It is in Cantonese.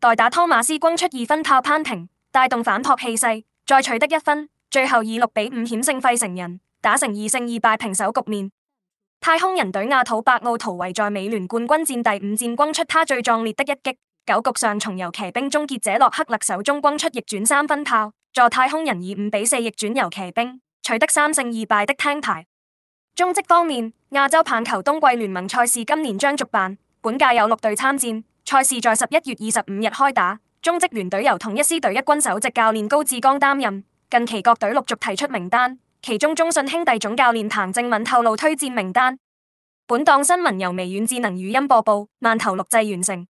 代打托馬斯轟出二分炮攀平，帶動反撲氣勢，再取得一分，最後以六比五險勝費城人，打成二勝二敗平手局面。太空人隊亞土白奧圖維在美聯冠軍戰第五戰轟出他最壯烈的一擊，九局上從遊騎兵終結者洛克勒手中轟出逆轉三分炮，助太空人以五比四逆轉遊騎兵，取得三勝二敗的聽牌。中職方面，亞洲棒球冬季聯盟賽事今年將續辦，本屆有六隊參戰。賽事在十一月二十五日開打，中職聯隊由同一師隊一軍首席教練高志剛擔任。近期各隊陸續提出名單，其中中信兄弟總教練譚正敏透露推薦名單。本檔新聞由微軟智能語音播報，慢頭錄製完成。